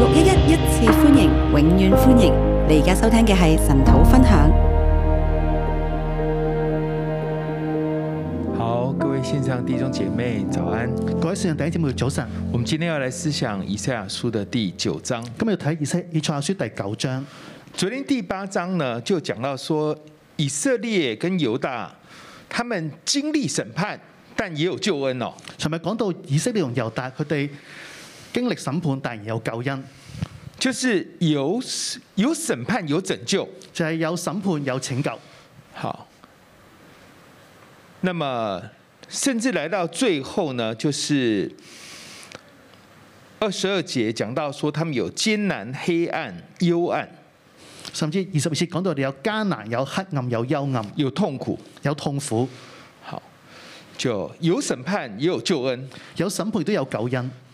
六一一一次歡迎，永遠歡迎！你而家收聽嘅係神土分享。好，各位線上弟兄姐妹，早安！各位線上第一節目早上。我們今天要來思想以賽亞書的第九章。今日要睇以賽以賽亞書第九章。昨天第八章呢就講到說以色列跟猶大，他們經歷審判，但也有救恩哦，尋日講到以色列同猶大，佢哋。經歷審判，但然有救恩，就是有有審判有拯救，就係、是、有審判有拯救。好，那麼甚至來到最後呢，就是二十二節講到說，他們有艱難、黑暗、幽暗，甚至二十二節講到有艱難、有黑暗、有幽暗、有痛苦、有痛苦。好，就有審判，也有救恩，有審判都有救恩。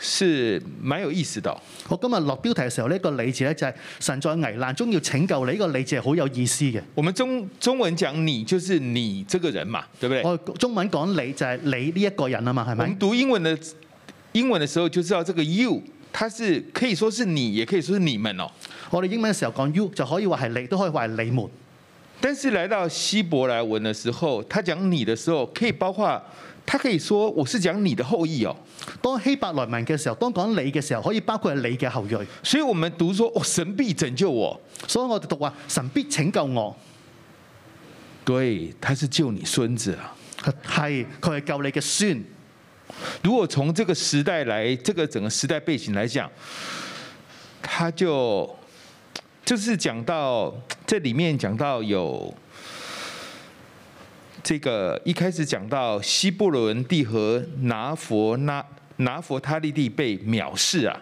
是蠻有意思的。我今日落標題嘅時候，呢個你字咧就係神在危難中要拯救你，呢個你字係好有意思嘅。我們中中文講你，就是你這個人嘛，對不對？我中文講你，就係你呢一個人啊嘛，係咪？我們讀英文的英文的時候，就知道這個 you，它是可以說是你也可以說是你們哦。我哋英文嘅時候講 you，就可以話係你，都可以話係你們。但是來到希伯來文嘅時候，他講你嘅時候，可以包括。他可以說：我是講你的後裔哦。當希伯來民嘅時候，當講你嘅時候，可以包括你嘅後裔。所以，我們讀說神必拯救我，所以我哋讀話神必拯救我。對，他是救你孫子啊，係佢係救你嘅孫。如果從這個時代來，這個整個時代背景來講，他就就是講到這裏面講到有。這個一開始講到西布倫地和拿弗拿拿弗他利地被藐視啊，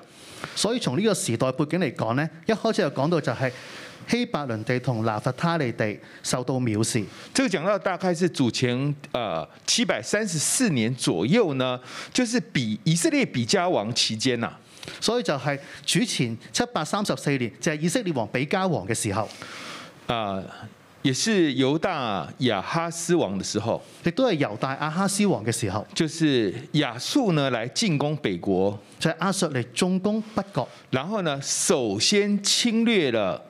所以從呢個時代背景嚟講呢，一開始就講到就係希伯倫地同拿弗他利地受到藐視。就、這個、講到大概是主前啊七百三十四年左右呢，就是比以色列比加王期間啊。所以就係主前七百三十四年就係、是、以色列王比加王嘅時候，啊、呃。也是猶大亞哈斯王的時候，亦都係猶大亞哈斯王嘅時候，就是亞述呢來進攻北國，即亞述嚟進攻北國，然後呢首先侵略了，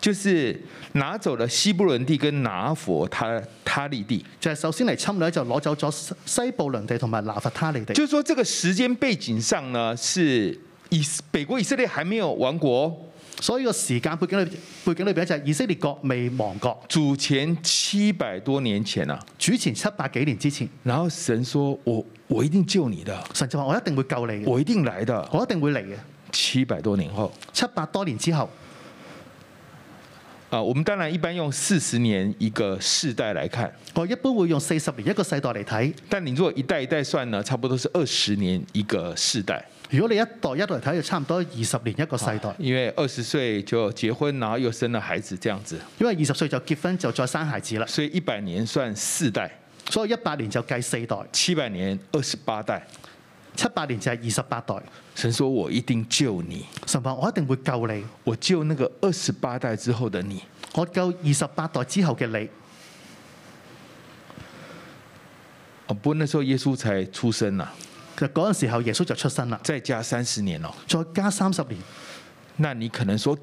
就是拿走了西布倫地跟拿佛他他利地，就係首先嚟侵略就攞走咗西西布倫地同埋拿佛他利地，就是說這個時間背景上呢是以北國以色列還沒有亡國。所以個時間背景裏背景裏邊就係以色列國未亡國。主前七百多年前啊，主前七百幾年之前。然後神說我：我我一定救你的。神就話：我一定會救你。我一定來的。我一定會嚟嘅。七百多年後。七百多年之後。啊，我們當然一般用四十年一個世代來看。我一般會用四十年一個世代嚟睇。但你如果一代一代算呢，差不多是二十年一個世代。如果你一代一代睇，就差唔多二十年一個世代。啊、因為二十歲就結婚，然後又生了孩子，這樣子。因為二十歲就結婚就再生孩子啦。所以一百年算四代。所以一百年就計四代。七百年二十八代，七八年就係二十八代。神說我一定救你，神話，我一定會救你，我救那個二十八代之後的你，我救二十八代之後嘅你。不過那時候耶穌才出生啊。其實嗰陣時候耶穌就出生啦，再加三十年咯、哦，再加三十年，那你可能說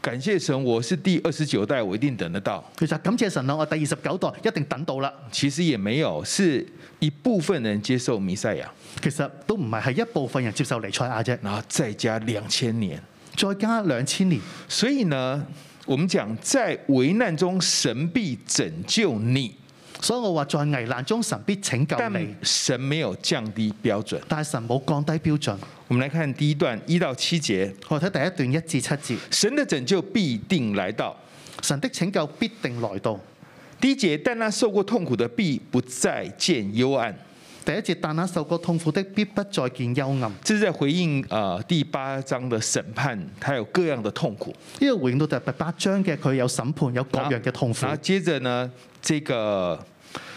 感謝神，我是第二十九代，我一定等得到。其實感謝神啊，我第二十九代一定等到啦。其實也沒有，是一部分人接受彌賽亞，其實都唔係係一部分人接受彌賽亞啫。然後再加兩千年，再加兩千年。所以呢，我們講在危難中神必拯救你。所以我話在危難中神必拯救你。神沒有降低標準。但係神冇降低標準。我們來看第一段一到七節。我睇第一段一至七節。神的拯救必定來到，神的拯救必定來到。第一節但那受過痛苦的必不再見幽暗。第一節但那受過痛苦的必不再見幽暗。即係在回應啊、呃、第八章嘅審判，它有各樣的痛苦。呢、這個回應到第八章嘅佢有審判有各樣嘅痛苦。然、啊啊、接着呢，這個。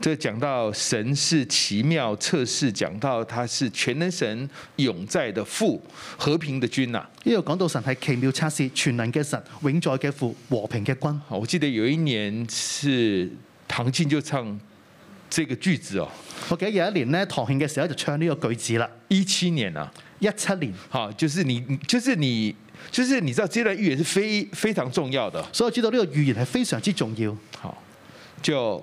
即係講到神是奇妙測試，講到他是全能神永在的父、和平的君啦、啊。呢個講到神係奇妙測試、全能嘅神、永在嘅父、和平嘅君。好，我記得有一年是唐慶就唱呢個句子哦。我記得有一年呢，唐慶嘅時候就唱呢個句子啦。一七年啊，一七年。哈，就是你，就是你，就是你知道呢段預言係非非常重要的，所以我知道呢個預言係非常之重要。好，就。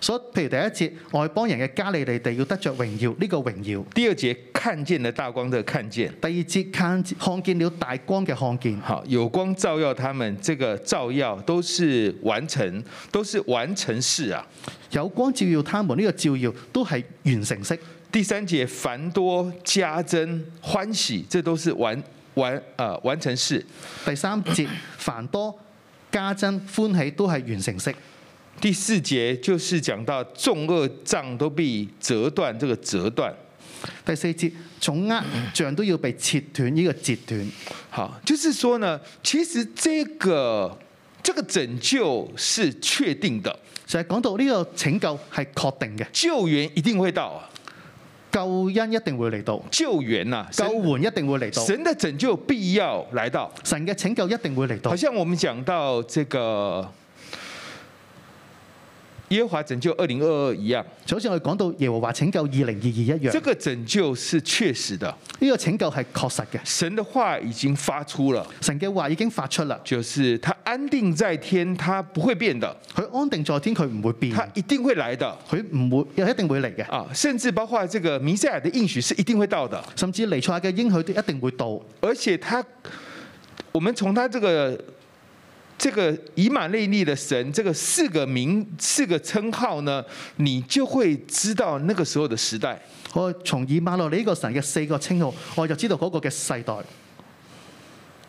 所以，譬如第一節，外邦人嘅加利利地要得着榮耀，呢、這個榮耀；第二節看見了大光的看見；第二節看見看見了大光嘅看見。好，有光照耀他們，這個照耀都是完成，都是完成式啊。有光照耀他們呢個照耀都係完成式。第三節繁多加增歡喜，這都是完完啊、呃、完成式。第三節繁多加增歡喜都係完成式。第四節就是講到重惡障都被折斷，這個折斷。第四節重惡障都要被切斷，呢個截斷。好，就是說呢，其實這個這個拯救是確定的，所以講到呢個拯救係確定嘅，救援一定會到，啊，救恩一定會嚟到，救援啊，救援一定會嚟到，神的拯救必要來到，神嘅拯，拯救一定會嚟到。好像我們講到這個。耶和華拯救二零二二一樣，早上我哋講到耶和華拯救二零二二一樣，這個拯救是確實的，呢個拯救係確實嘅，神嘅話已經發出了，神嘅話已經發出了，就是他安定在天，他不會變的，佢安定在天，佢唔會變，他一定會來的，佢唔會一定會嚟嘅，啊，甚至包括這個彌賽亞的應許是一定會到的，甚至彌賽亞嘅應許都一定會到，而且他，我們從他這個。這個以馬內利，利的神，這個四個名四個稱號呢，你就會知道那個時候的時代。我從以馬內利呢個神嘅四個稱號，我就知道嗰個嘅世代。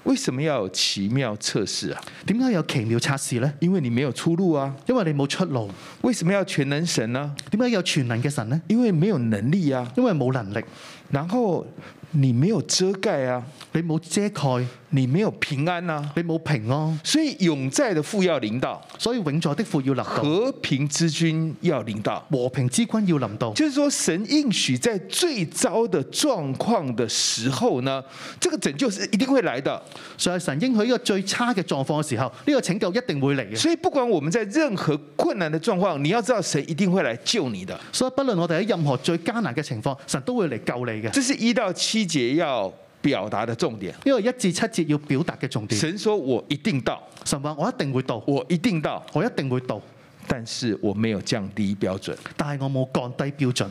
為什麼要有奇妙測試啊？點解有奇妙測試呢？因為你沒有出路啊，因為你冇出路。為什麼要全能神呢？點解有全能嘅神呢？因為沒有能力啊，因為冇能力。然後你沒有遮蓋啊，你冇遮蓋。你沒有平安啊，你冇平啊，所以永在的父要領導，所以永在的父要領導，和平之君要領導，和平之君要臨到，就是說神應許在最糟的狀況的時候呢，這個拯救是一定會來的。所以神應許一個最差嘅狀況嘅時候，呢個拯救一定會來的。所以不管我們在任何困難的狀況，你要知道神一定會來救你的。所以不論我哋喺任何最艱難嘅情況，神都會嚟救你嘅。這是一到七節要表達的重點，因為一至七節要表達嘅重點。神說我一定到，神話我一定會到，我一定到，我一定會到。但是我沒有降低標準，但係我冇降低標準。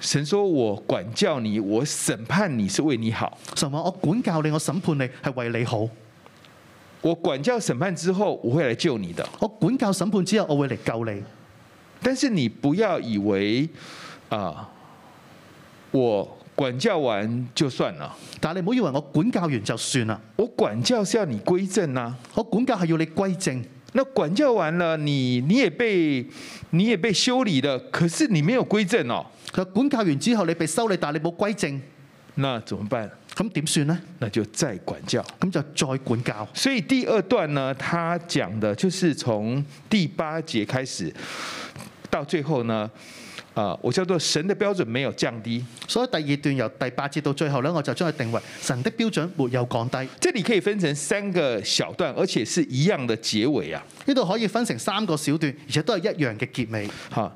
神說我管教你，我審判你是為你好，神話我管教你，我審判你係為你好。我管教審判之後，我會來救你的。我管教審判之後，我會嚟救你的。但是你不要以為啊、呃，我。管教完就算了，但你唔好以為我管教完就算啦，我管教是要你歸正啦、啊，我管教係要你歸正。那管教完了，你你也被你也被修理了，可是你沒有歸正哦、啊。那管教完之後，你被修理，但你冇歸正，那怎麼辦？咁點算呢？那就再管教，咁就再管教。所以第二段呢，他講的就是從第八節開始到最後呢。啊，我叫做神的標準沒有降低，所以第二段由第八節到最後呢，我就將佢定為神的標準沒有降低。即你可以分成三個小段，而且是一樣的結尾啊。呢度可以分成三個小段，而且都係一樣嘅結尾。好，啊，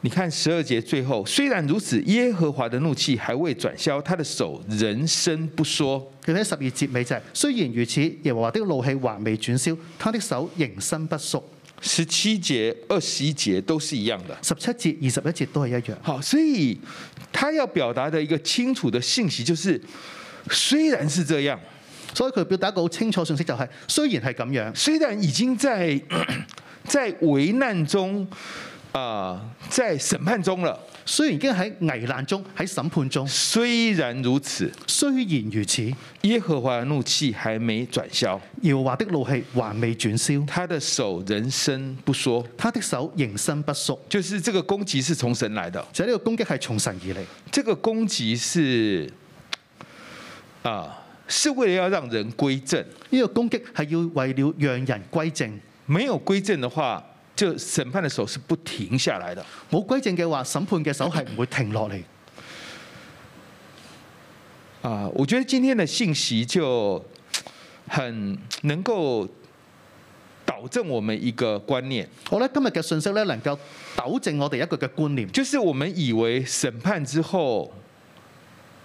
你看十二節最後，雖然如此，耶和華的怒氣還未轉消，他的手仍伸不縮。佢喺十二節尾就係，雖然如此，耶和華的怒氣還未轉消，他的手仍伸不縮。十七節、二十一節都是一樣的。十七節、二十一節都係一樣。好，所以他要表達的一個清楚的信息，就是,雖是，雖然是這樣，所以佢表達一個好清楚信息，就係雖然係咁樣，雖然已經在在危難中。啊、uh，在審判中啦，雖然已經喺危難中，喺審判中。雖然如此，雖然如此，耶和華的怒氣還沒轉消，耶和華的怒氣還未轉消。他的手仍伸不說，他的手仍伸不縮。就是這個攻擊是從神來的，即、就是、個攻擊係從神而來。這個攻擊是啊，uh, 是為了要讓人歸正，呢、這個攻擊係要為了讓人歸正。沒有歸正的話。就審判嘅手是不停下來嘅，冇歸正嘅話，審判嘅手係唔會停落嚟。啊、呃，我覺得今天嘅信息就很能夠糾正我們一個觀念。好啦，今日嘅信息咧能夠糾正我哋一個嘅觀念，就是我們以為審判之後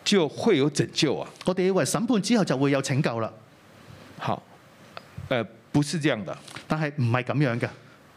就會有拯救啊，我哋以為審判之後就會有拯救啦。好，誒、呃，不是這樣的，但係唔係咁樣嘅。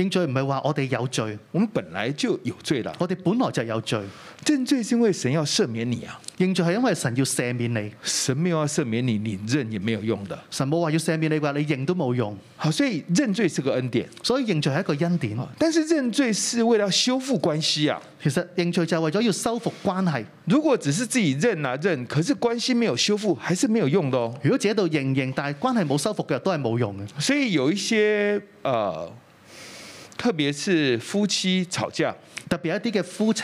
認罪唔係話我哋有罪，我們本來就有罪啦，我哋本來就有罪，認罪是因為神要赦免你啊。認罪係因為神要赦免你，神沒有要赦免你，你認也沒有用的。神冇話要赦免你話，你認都冇用，哦。所以認罪是個恩典，所以認罪係一個恩典，哦。但是認罪是為了要修復關係啊。其實認罪就係為咗要修復關係。如果只是自己認啊認，可是關係沒有修復，還是沒有用咯。如果自己喺度認認，但係關係冇修復嘅，都係冇用嘅。所以有一些誒。呃特別是夫妻吵架，特別一啲嘅夫妻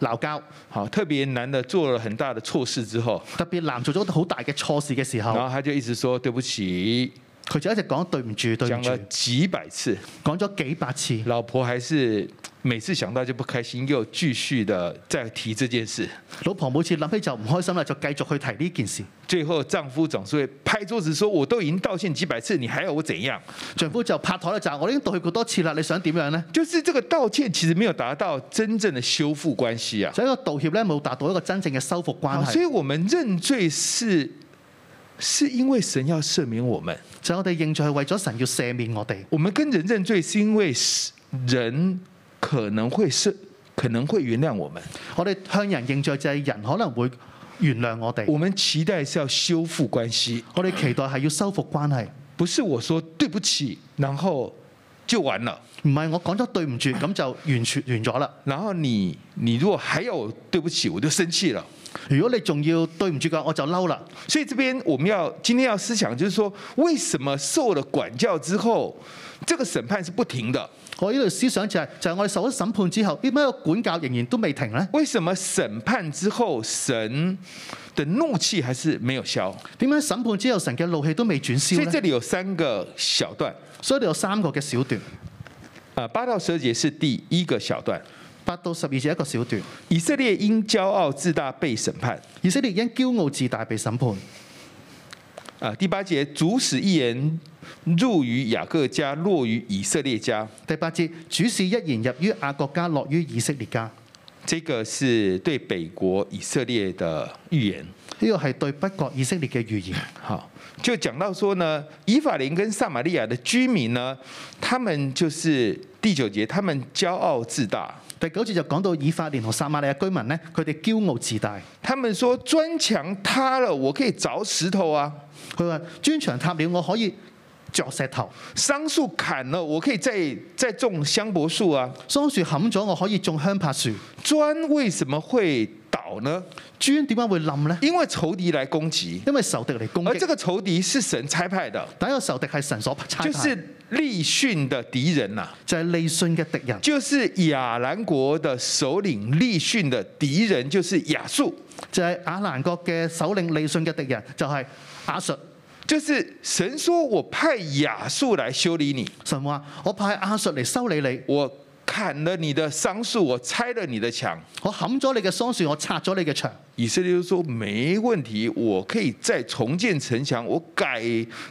鬧交，好特別男的做了很大的錯事之後，特別男做咗好大嘅錯事嘅時候，然後他就一直說對不起。佢就一直講對唔住，對唔住，講咗幾百次，講咗幾百次，老婆還是每次想到就不開心，又繼續的再提這件事。老婆每次諗起就唔開心啦,就繼續去提呢件事。最後丈夫總是會拍桌子說：我都已經道歉幾百次，你還要我怎樣？丈夫就拍台咧，就我已經道歉過多次啦，你想點樣呢？」就是這個道歉其實沒有達到真正的修復關係啊，所以個道歉咧冇達到一個真正嘅修復關係，哦。所以我們認罪是。是因為神要赦免我們，就我哋認罪係為咗神要赦免我哋。我們跟人認罪，是因為人可能會赦，可能會原諒我們。我哋向人認罪就係人可能會原諒我哋。我們期待是要修復關係，我哋期待係要修復關係， 不是我說對不起然後就完了。唔係我講咗對唔住咁就完全完咗啦。然後你你如果還有對不起我就生氣啦。如果你仲要對唔住佢，我就嬲啦。所以這邊我們要今天要思想，就是說，為什麼受了管教之後，這個審判是不停的？我呢度思想就係、是，就係、是、我哋受咗審判之後，點解個管教仍然都未停呢？為什麼審判之後神的怒氣還是沒有消？點解審判之後神嘅怒氣都未轉消呢？所以這裏有三個小段，所以你有三個嘅小段。啊，八到十二節是第一個小段。八到十二節，一個小段，以色列因驕傲自大被審判。以色列因驕傲自大被審判。啊，第八節主使一言入於雅各家，落於以色列家。第八節主使一言入於亞國家，落於以色列家。這個是對北國以色列的預言。呢個係對北國以色列嘅預言。好， 就講到說呢，以法蓮跟撒瑪利亞的居民呢，他們就是第九節，他們驕傲自大。第九節就講到以法蓮和撒瑪利亞居民呢，佢哋驕傲自大。他們說：磚牆塌了，我可以找石頭啊！佢話：磚牆塌了，我可以鑿石頭；桑樹砍了，我可以再再種香柏樹啊！桑樹砍咗，我可以種香柏樹。磚為什麼會？道呢？磚點解會冧呢？因為仇敵來攻擊，因為仇敵嚟攻擊。而這個仇敵是神差派的，但係個仇敵係神所差派，就是利遜的敵人，啊、就係利遜嘅敵人，就是亞蘭國的首領利遜嘅敵人，就是亞述。就係亞蘭國嘅首領利遜嘅敵人，就係亞述。就是神說，我派亞述來修理你，神話我派亞述嚟修理你。我砍了你的桑樹，我拆了你的牆。我砍咗你嘅桑樹，我拆咗你嘅牆。以色列就說：沒問題，我可以再重建城牆。我改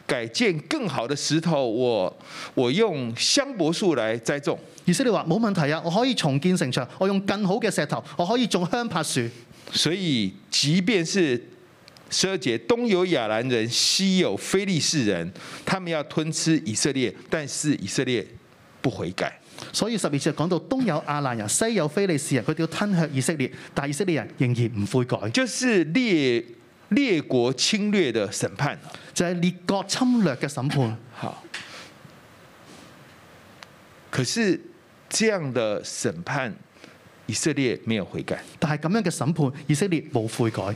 改建更好的石頭，我我用香柏樹來栽種。以色列話：冇問題啊，我可以重建城牆。我用更好嘅石頭，我可以種香柏樹。所以，即便是十二節東有亞蘭人，西有非利士人，他們要吞吃以色列，但是以色列不悔改。所以十二節講到東有亞蘭人，西有非利士人，佢哋要吞吃以色列，但以色列人仍然唔悔改。就是列列國侵略嘅審判，在、就係、列國侵略嘅審判。好，可是這樣的審判，以色列沒有悔改。但係咁樣嘅審判，以色列冇悔改。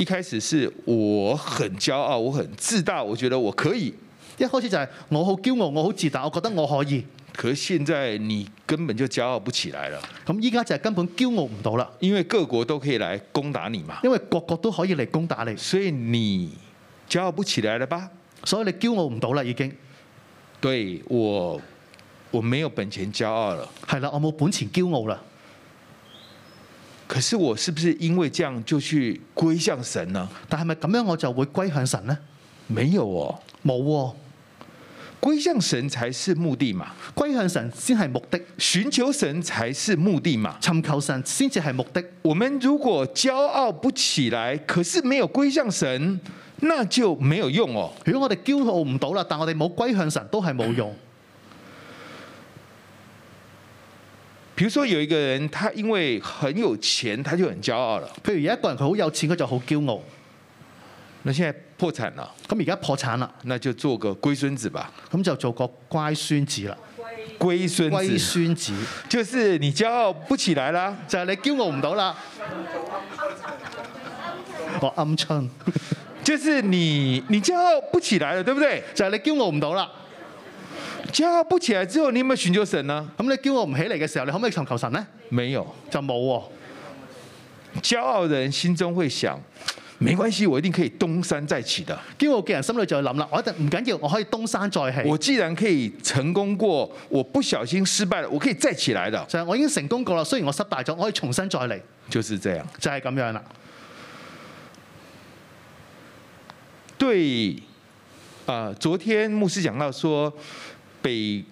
一開始是我很驕傲，我很自大，我覺得我可以。一開始就係我好驕傲，我好自大，我覺得我可以。可現在你根本就驕傲不起來了。咁依家就係根本驕傲唔到啦。因為各國都可以來攻打你嘛。因為各國都可以嚟攻打你，所以你驕傲不起來了吧？所以你驕傲唔到啦，已經。對，我，我沒有本錢驕傲了。係啦，我冇本錢驕傲啦。可是我是不是因為這樣就去歸向神呢？但係咪咁樣我就會歸向神呢？沒有哦，冇哦，歸向神才是目的嘛，歸向神先係目的，尋求神才是目的嘛，尋求神先至係目的。我們如果驕傲不起來，可是沒有歸向神，那就沒有用哦。如果我哋驕傲唔到啦，但我哋冇歸向神都係冇用。 比如說有一個人，他因為很有錢，他就很驕傲了。譬如有一個人佢好有錢，佢就好驕傲。那現在破產了，咁而家破產了，那就做個龜孫子吧。咁就做個乖孫子了。龜孫子，龜孫子，就是你驕傲不起來了，就係你驕傲唔到啦。我暗稱，嗯嗯嗯、 就是你，你驕傲不起來了，對不對？就係你驕傲唔到啦。驕傲不起來之後，你有冇尋求神呢？咁你驕傲唔起嚟嘅時候，你可唔可以尋求神呢？沒有就冇哦。驕傲人心中會想，沒關係，我一定可以東山再起的。驕傲嘅人心裏就諗啦，我一定唔緊要，我可以東山再起。我既然可以成功過，我不小心失敗了，我可以再起來的。就係我已經成功過啦，雖然我失敗咗，我可以重新再嚟。就是這樣，就係咁樣啦。對，啊，昨天牧師講到說。被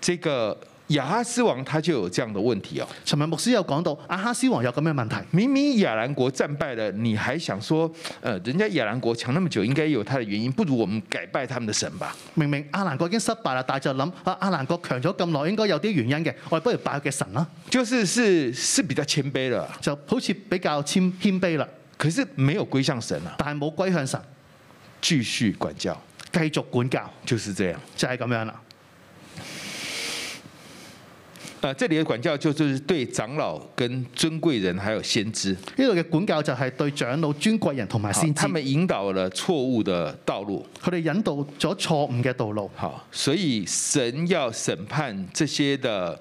這個亞哈斯王他就有這樣的問題哦。尋日牧師有講到亞哈斯王有咁嘅問題，明明亞蘭國戰敗了，你還想說，呃，人家亞蘭國強那麼久，應該有他的原因，不如我們改拜他們的神吧。明明亞蘭國已經失敗啦，但係就諗啊，亞蘭國強咗咁耐，應該有啲原因嘅，我哋不如拜佢嘅神啦。就是是是比較謙卑啦，就好似比較謙謙卑啦。可是沒有歸向神啊，但係冇歸向神，繼續管教，繼續管教，就是這樣，就係咁樣啦。啊！這裏的管教就是對長老、跟尊貴人，還有先知。呢度嘅管教就係對長老、尊貴人同埋先知。他們引導了錯誤的道路。佢哋引導咗錯誤嘅道路。好，所以神要審判這些的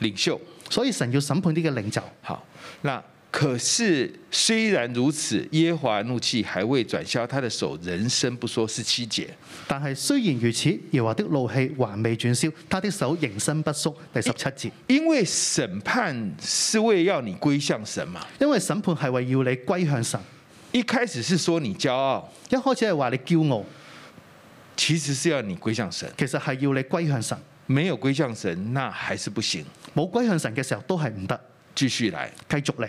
領袖。所以神要審判呢個領袖。好，嗱。可是雖然如此，耶華怒氣還未轉消，他的手仍伸不縮，是七節。但係雖然如此，耶華的怒氣還未轉消，他的手仍伸不縮，第十七節。因為審判是為要你歸向神嘛？因為審判係為要你歸向神。一開始是說你驕傲，一開始係話你驕傲，其實是要你歸向神，其實係要你歸向神。沒有歸向神，那還是不行。冇歸向神嘅時候都係唔得，繼續嚟，繼續嚟。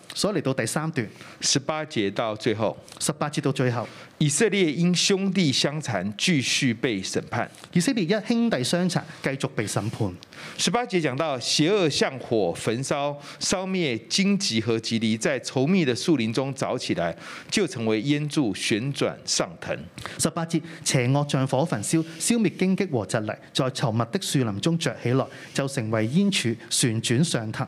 所以嚟到第三段，十八節到最後。十八節到最後，以色列因兄弟相殘繼續被審判。以色列因兄弟相殘繼續被審判。十八節講到邪惡像火焚燒，燒滅荊棘和蒺藜，在稠密的樹林中着起來，就成為煙柱旋轉上騰。十八節，邪惡像火焚燒，消滅荊棘和蒺藜，在稠密的樹林中着起來，就成為煙柱旋轉上騰。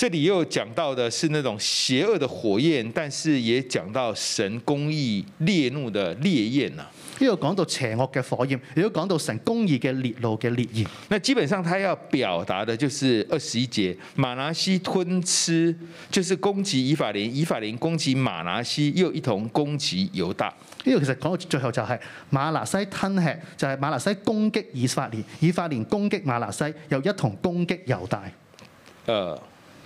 這裏又講到的是那種邪惡的火焰，但是也講到神公義烈怒的烈焰呢，又講到邪惡嘅火焰，也要講到神公義嘅烈怒嘅烈焰。那基本上他要表達的就是二十一節，瑪拿西吞吃，就是攻擊以法蓮，以法蓮攻擊瑪拿西，又一同攻擊猶大。呢個其實講到最後就係瑪拿西吞吃，就係、是、瑪拿西攻擊以法蓮，以法蓮攻擊瑪拿西，又一同攻擊猶大。呃。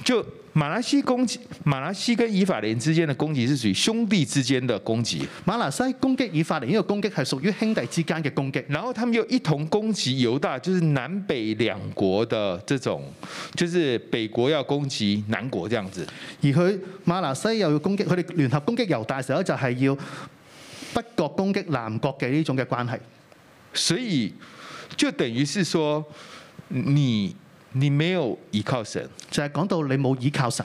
就馬來西攻擊，馬來西跟以法蓮之間的攻擊是屬於兄弟之間的攻擊，馬來西攻擊以法蓮，呢個攻擊係屬於兄弟之間的攻擊，然後他們又一同攻擊猶大，就是南北兩國的這種，就是北國要攻擊南國這樣子。而佢馬來西又要攻擊，佢哋聯合攻擊猶大時候，就係要北國攻擊南國嘅呢種嘅關係。所以就等於是說你。你沒有依靠神，就係、是、講到你冇依靠神，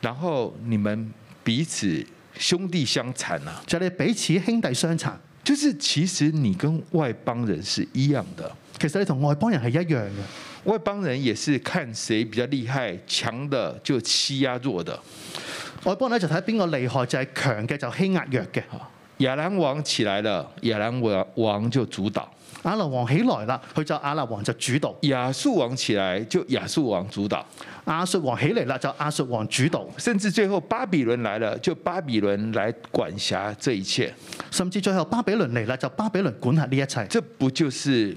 然後你們彼此兄弟相殘啊！就係、是、彼此兄弟相殘，就是其實你跟外邦人是一樣的，其實你同外邦人係一樣嘅。外邦人也是看誰比較厲害，強的就欺壓弱的。外邦人就睇邊個厲害，就係、是、強嘅就欺壓弱嘅。雅蘭王起來了，雅蘭王王就主導。亞蘭王起來啦，佢就亞蘭王就主導；亞述王起來就亞述王主導；亞述王起嚟啦就亞述王主導，甚至最後巴比倫來了就巴比倫來管轄這一切，甚至最後巴比倫嚟啦就巴比倫管轄呢一切。這不就是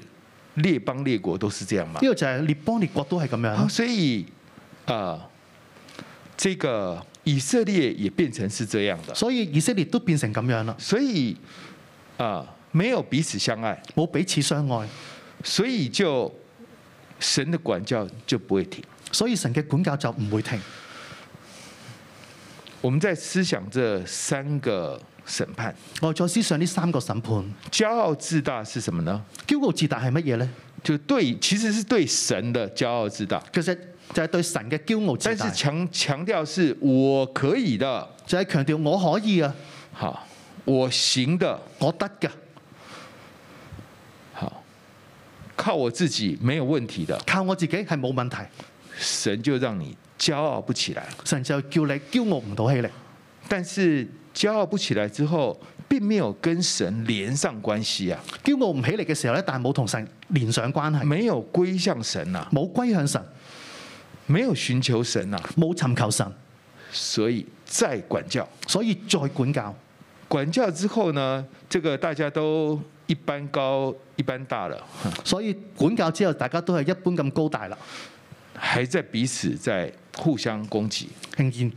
列邦列國都是這樣嘛？呢個就係列邦列國都係咁樣、哦。所以啊、呃，這個以色列也變成是這樣的，所以以色列都變成咁樣啦。所以啊。呃沒有彼此相愛，冇彼此相愛，所以就神的管教就不會停。所以神嘅管教就唔會停。我們在思想這三個審判，我再思想呢三個審判。驕傲自大是什麼呢？驕傲自大係乜嘢呢？就對，其實是對神的驕傲自大，其實就是就對神嘅驕傲自大。但是強強調是我可以的，就係強調我可以啊，好，我行的，我得嘅。靠我自己沒有問題的，靠我自己係冇問題，神就讓你驕傲不起來，神就叫你驕傲唔到起嚟。但是驕傲不起來之後，並沒有跟神連上關係啊。驕傲唔起嚟嘅時候，但係冇同神連上關係，沒有歸向神啊，冇歸向神，沒有尋求神啊，冇尋求神，所以再管教，所以再管教，管教之後呢，這個大家都，一般高一般大了，所以管教之後，大家都係一般咁高大啦。還在彼此在互相攻擊，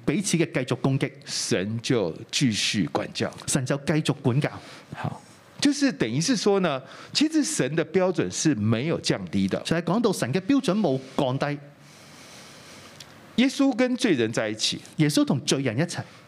彼此嘅繼續攻擊，神就繼續管教，神就繼續管教。好，就是等於是說呢，其實神的標準是沒有降低的。就係講到神嘅標準冇降低，耶穌跟罪人在一起，耶穌同罪人一齊。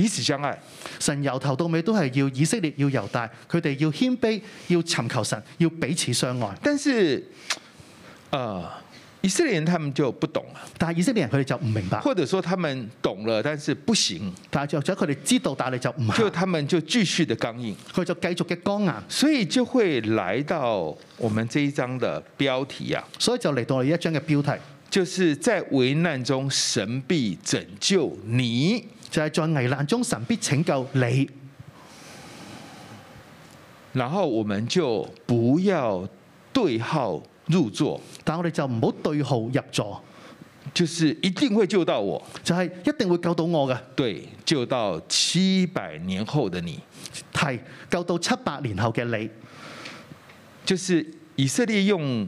彼此相愛，神由頭到尾都係要以色列，要猶大，佢哋要謙卑，要尋求神，要彼此相愛。但是，誒、呃，以色列人他們就不懂啦。但係以色列人佢哋就唔明白，或者說他們懂了，但是不行。但係就只佢哋知道，但你就唔就他們就繼續的剛硬，佢就繼續嘅剛硬，所以就會來到我們這一章的標題呀。所以就嚟到呢一章嘅標題，就是在危難中神必拯救你。就係、是、在危難中，神必拯救你。然後，我們就不要對號入座。但我哋就唔好對號入座，就是一定會救到我，就係、是、一定會救到我嘅。對，救到七百年後的你，係救到七百年後嘅你，就是以色列用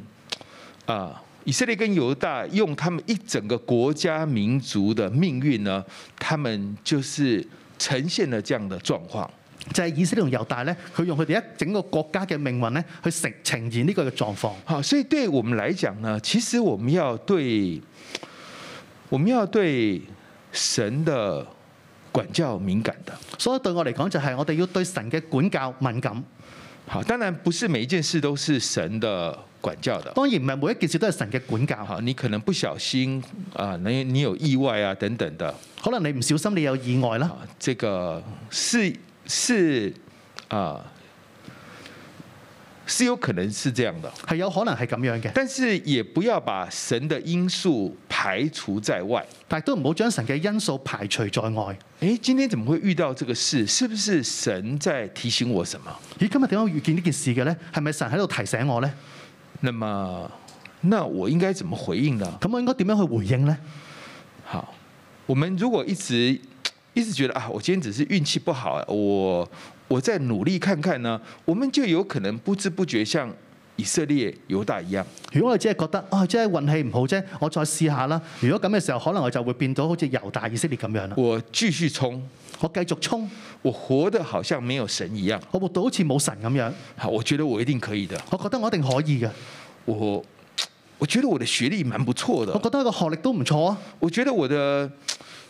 啊。呃以色列跟猶大用他們一整個國家民族的命運呢，他們就是呈現了這樣的狀況。就係、是、以色列同猶大呢，佢用佢哋一整個國家嘅命運呢，去呈呈現呢個嘅狀況。啊，所以對我們嚟講呢，其實我們要對我們要對神的管教敏感的。所以對我嚟講，就係我哋要對神嘅管教敏感。好，當然不是每一件事都是神的。管教的，當然唔係每一件事都係神嘅管教吓，你可能不小心啊，你你有意外啊等等的，可能你唔小心你有意外啦，啊啊，這個是是啊，是有可能是這樣的，係有可能係咁樣嘅，但是也不要把神的因素排除在外，但係都唔好將神嘅因素排除在外。誒，今天怎麼會遇到這個事？是不是神在提醒我什麼？咦，今日點解遇見呢件事嘅咧？係咪神喺度提醒我咧？那麼，那我應該怎麼回應呢？咁我應該點樣去回應呢？好，我們如果一直一直覺得啊，我今天只是運氣不好，我我再努力看看呢，我們就有可能不知不覺像以色列猶大一樣，如果我只係覺得啊，只係運氣唔好啫，我再試下啦。如果咁嘅時候，可能我就會變到好似猶大以色列咁樣啦。我繼續衝。我繼續衝，我活得好像沒有神一樣，我活到好似冇神咁樣。我覺得我一定可以的，我覺得我一定可以嘅。我，我覺得我的學歷蠻不錯的，我覺得個學歷都唔錯啊。我覺得我的。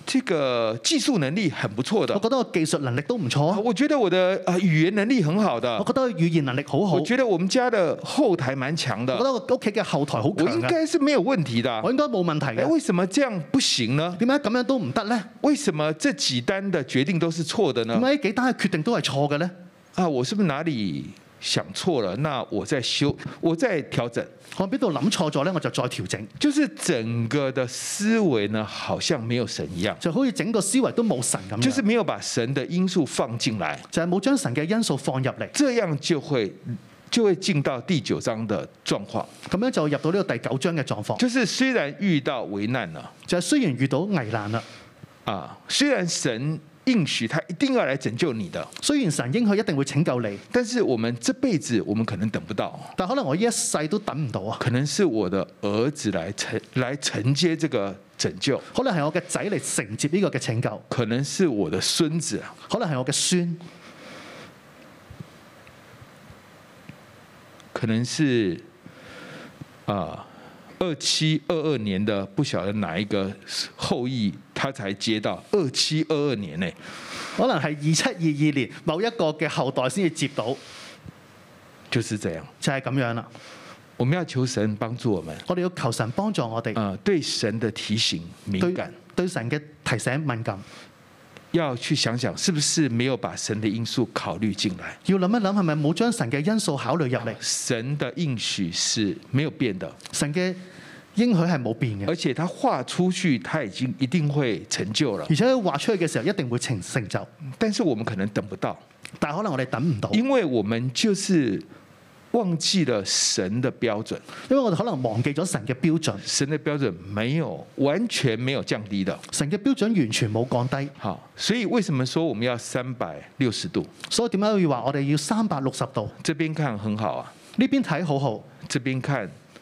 這個技術能力很不錯的。我覺得我技術能力都唔錯。啊、我覺得我的啊、呃、語言能力很好的。我覺得語言能力好好。我覺得我們家的後台蠻強的。我覺得我屋企嘅後台好強啊。我應該是沒有問題的。我應該冇問題的。誒、哎，為什麼這樣不行呢？點解咁樣都唔得呢？為什麼這幾單的決定都是錯的呢？點解幾單嘅決定都係錯嘅呢？啊，我是不是哪裏？想錯了，那我再修，我再調整。我邊度諗錯咗呢？我就再調整。就是整個的思維呢，好像沒有神一樣，就好似整個思維都冇神咁樣。就是沒有把神的因素放進來，就係冇將神嘅因素放入嚟。這樣就會就會進到第九章的狀況，咁樣就入到呢個第九章嘅狀況。就是雖然遇到危難啦，就係雖然遇到危難啦，啊，雖然神。應許他一定要來拯救你的，雖然神應許一定會拯救你，但是我們這輩子我們可能等不到。但可能我一世都等唔到啊！可能是我的兒子來承來承接這個拯救，可能係我嘅仔嚟承接呢個嘅拯救，可能是我的孫子，可能係我嘅孫，可能是啊。二七二二年的不曉得哪一個後裔，他才接到二七二二年呢，可能係二七二二年某一個嘅後代先至接到，就是這樣，就係咁樣啦。我們要求神幫助我們，我哋要求神幫助我哋。對神的提醒敏感，對神嘅提醒敏感，要去想想是不是沒有把神的因素考慮進來，要諗一諗係咪冇將神嘅因素考慮入嚟。神的應許是沒有變的，神嘅。應許係冇變嘅，而且他畫出去，他已經一定會成就了。而且他畫出去嘅時候，一定會成成就。但是我們可能等不到，但可能我哋等唔到。因為我們就是忘記了神的標準，因為我哋可能忘記咗神嘅標準。神嘅標準沒有，完全沒有降低的。神嘅標準完全冇降低。好，所以為什麼說我們要三百六十度？所以點解要話我哋要三百六十度？這邊看很好啊，呢邊睇好好，這邊看。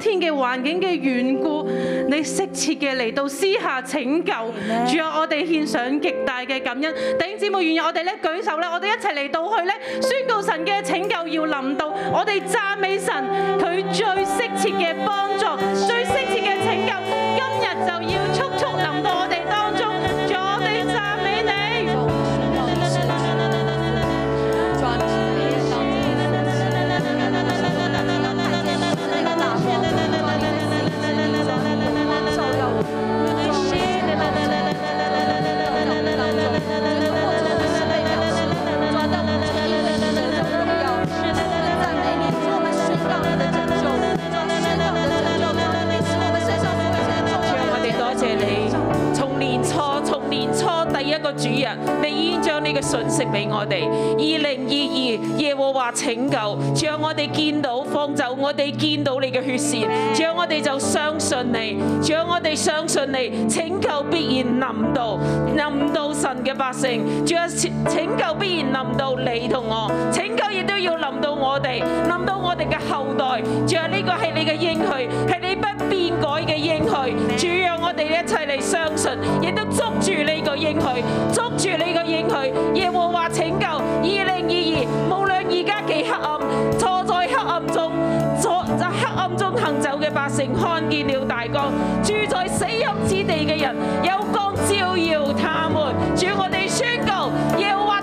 今天嘅環境嘅緣故，你適切嘅嚟到私下拯救，仲有我哋獻上極大嘅感恩，弟兄姊妹，願我哋咧舉手咧，我哋一齊嚟到去咧宣告神嘅拯救要臨到，我哋讚美神，佢最適切嘅幫助。信息俾我哋。二零二二，耶和華拯救，讓我哋見到放走我哋見到你嘅血線，讓我哋就相信你，讓我哋相信你拯救必然臨到，臨到神嘅百姓，讓拯救必然臨到你同我，拯救亦都要臨到我哋，臨到我哋嘅後代，讓呢個係你嘅應許。變改嘅應許，主讓我哋一齊嚟相信，亦都捉住呢個應許，捉住呢個應許。耶和華拯救。二零二二，無論而家幾黑暗，坐在黑暗中，坐在黑暗中行走嘅百姓看見了大光，住在死蔭之地嘅人有光照耀他們。主要我哋宣告，耶和華。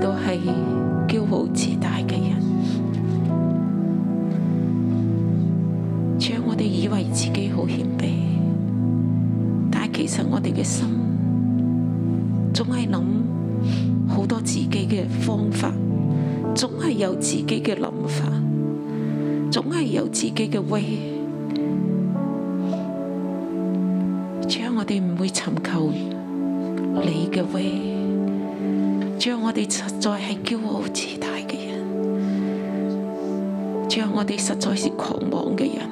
都係驕傲自大嘅人，將我哋以為自己好謙卑，但係其實我哋嘅心總係諗好多自己嘅方法，總係有自己嘅諗法，總係有自己嘅威，將我哋唔會尋求你嘅威。將我哋實在係驕傲自大嘅人，將我哋實在是狂妄嘅人，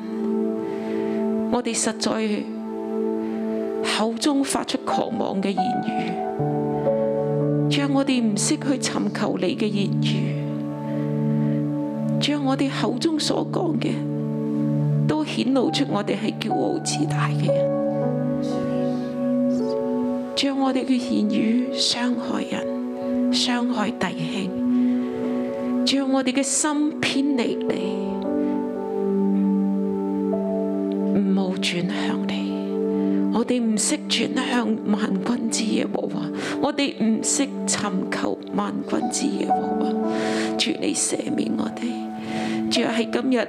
我哋實在係口中發出狂妄嘅言語，將我哋唔識去尋求你嘅言語，將我哋口中所講嘅都顯露出我哋係驕傲自大嘅人，將我哋嘅言語傷害人。傷害弟兄，將我哋嘅心偏離你，唔好轉向你。我哋唔識轉向萬軍之耶和華，我哋唔識尋求萬軍之耶和華。主你赦免我哋，主喺今日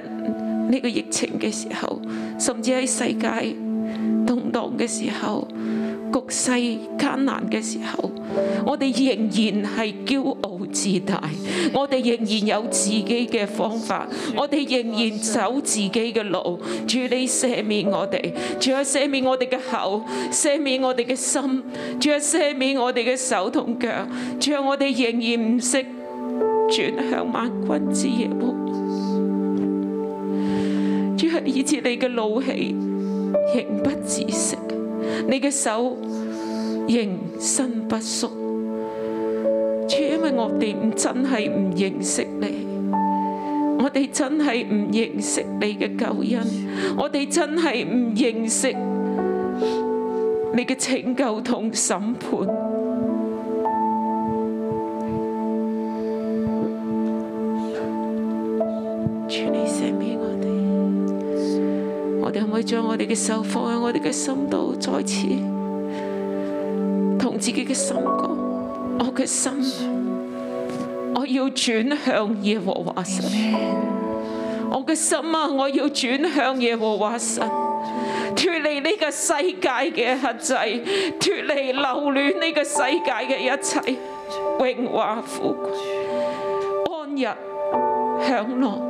呢個疫情嘅時候，甚至喺世界動盪嘅時候。局勢艱難嘅時候，我哋仍然係驕傲自大，我哋仍然有自己嘅方法，我哋仍然走自己嘅路。主你赦免我哋，主啊赦免我哋嘅口，赦免我哋嘅心，主啊赦免我哋嘅手同腳，主我哋仍然唔識轉向萬軍之耶和華。主啊以致你嘅怒氣，仍不自息。你嘅手仍伸不縮，只因為我哋唔真係唔認識你，我哋真係唔認識你嘅救恩，我哋真係唔認識你嘅拯救同審判。將我哋嘅手放喺我哋嘅心度，再次同自己嘅心講：我嘅心，我要轉向耶和華神。我嘅心啊，我要轉向耶和華神，脫離呢個世界嘅轄制，脫離留戀呢個世界嘅一切榮華富貴、安逸享樂。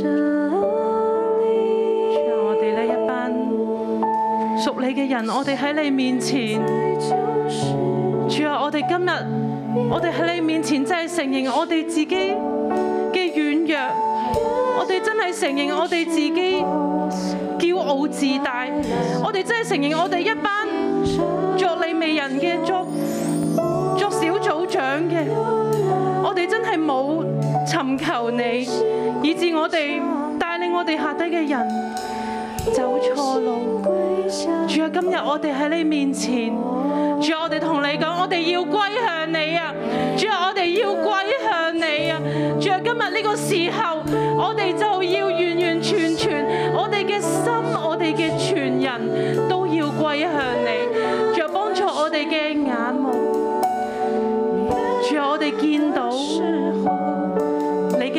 主我哋呢一班屬你嘅人，我哋喺你面前。主啊，我哋今日，我哋喺你面前，真係承認我哋自己嘅軟弱。我哋真係承認我哋自己驕傲自大。我哋真係承認我哋一班作你未人嘅作作小組長嘅，我哋真係冇。尋求你，以致我哋帶領我哋下底嘅人走錯路。主啊，今日我哋喺你面前，主啊，我哋同你講，我哋要歸向你啊！主啊，我哋要歸向你啊！主啊，今日呢個時候，我哋就要完。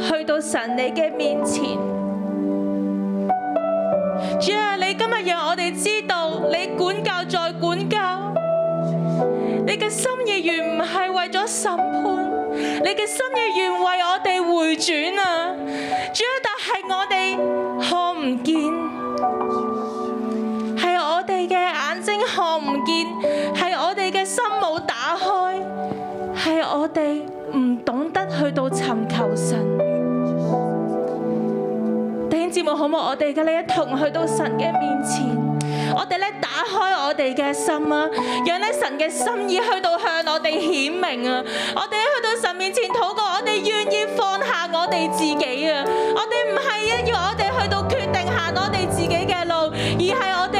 去到神你嘅面前，主啊，你今日讓我哋知道，你管教再管教，你嘅心意願唔係為咗審判，你嘅心意願為我哋回轉啊！主啊，但係我哋看唔見，係我哋嘅眼睛看唔見，係我哋嘅心冇打開，係我哋唔懂得去到尋求神。好冇我哋嘅呢一同去到神嘅面前？我哋咧打開我哋嘅心啊，讓咧神嘅心意去到向我哋顯明啊！我哋去到神面前禱告，我哋願意放下我哋自己啊！我哋唔係啊，要我哋去到決定下我哋自己嘅路，而係我哋。